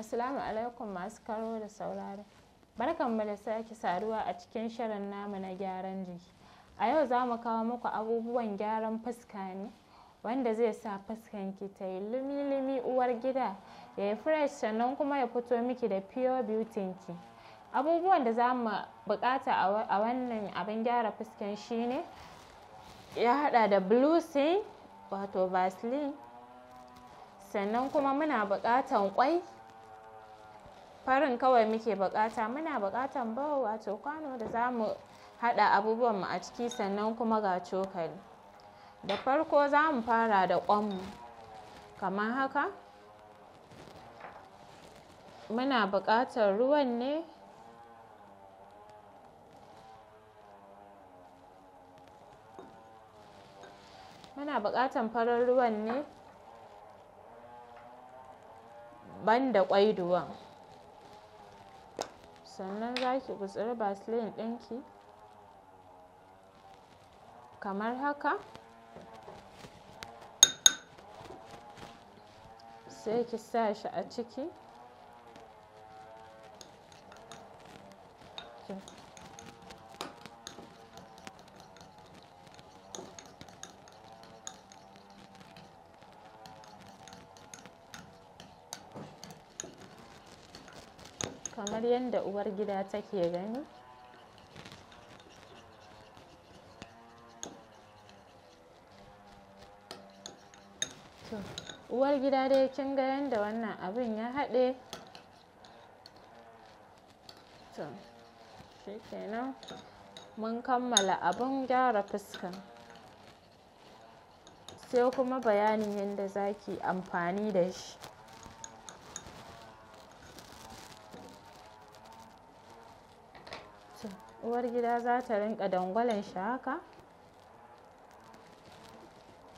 Assalamu alaikum masu karo da sauraro. Barkanmu da sake saduwa a cikin shirin namu na gyaran jiki. A yau za mu kawo muku abubuwan gyaran fuska ne wanda zai sa fuskanki ta yi lumi-lumi uwar gida ya yi fresh sannan kuma ya fito miki da pure beauty ki. Abubuwan da za mu buƙata a wannan abin gyara fuskan ne, ya haɗa da blusin wato vaseline sannan kuma muna buƙatan ƙwai farin kawai muke bukata muna buƙatan bawa wato kwano da za mu haɗa abubuwan mu a ciki sannan kuma ga cokali da farko za mu fara da mu kamar haka muna buƙatar ruwan ne muna da farar ruwan ne banda ƙwaiduwan sannan za ki gutsuri basilin ɗinki kamar haka sai ki sa shi a ciki kamar yadda uwar gida take gani uwar gida dai kin ga yadda wannan abin ya haɗe to shikenan mun kammala abun gyara fuska sai kuma bayanin yadda zaki amfani da shi uwar gida za ta rinka dangwalon shi haka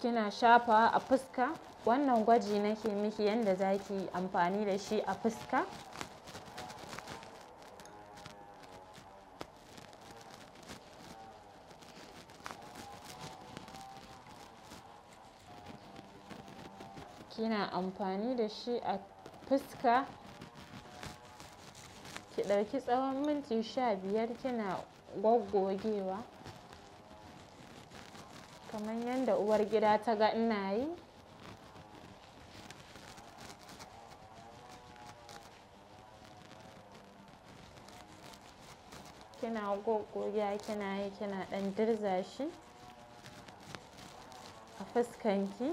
kina shafawa a fuska wannan gwaji nake miki yadda za ki amfani da shi a fuska kina amfani da shi a fuska ki ɗauki tsawon minti sha biyar kina goggogewa kamar yadda uwar gida ta ga ina yi kina goggogewa kina yi kina ɗan dirza shi a fuskanki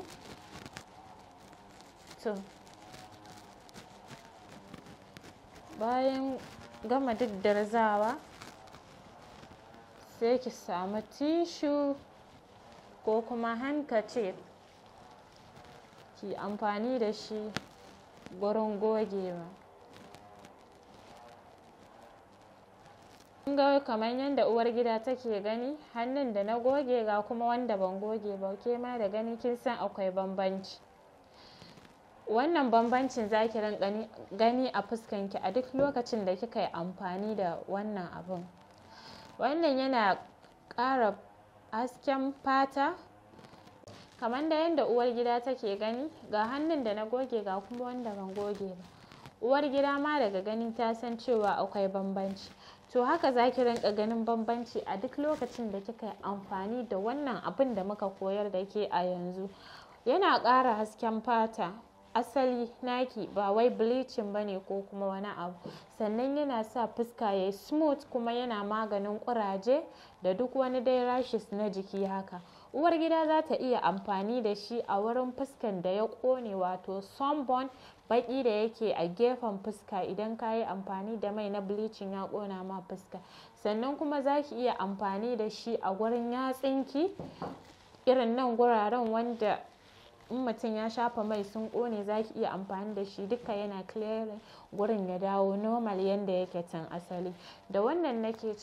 to bayan gama daddarzawa sai ki samu tishu ko kuma hankace ki amfani da shi gurin gogewa ga kamar yadda uwar gida take gani hannun da na goge ga kuma wanda ban goge ba ke ma da gani kin san akwai bambanci wannan bambancin za ki gani a fuskanki a duk lokacin da kika yi amfani da wannan abun wannan yana ƙara hasken fata kamar da yadda uwar gida take gani ga hannun da na goge ga kuma wanda ban goge ba uwar gida ma daga gani ta san cewa akwai bambanci to haka za ki rinka ganin bambanci a duk lokacin da kika yi amfani da wannan abin da muka koyar da ke a yanzu yana ƙara hasken fata asali naki ba wai bleaching ba ne ko kuma wani abu sannan yana sa fuska ya yi smooth kuma yana maganin kuraje da duk wani dai rashes na jiki haka uwar gida za ta iya amfani da shi a wurin fuskan da ya kone wato sunburn baki da yake a gefen fuska idan ka yi amfani da mai na bleaching ya kona ma fuska sannan kuma za ki iya amfani da shi a wurin yatsinki irin nan guraren wanda in mutum ya shafa mai sun ƙone za ki iya amfani da shi duka yana clearing gurin ya dawo normal yanda yake tun asali da wannan nake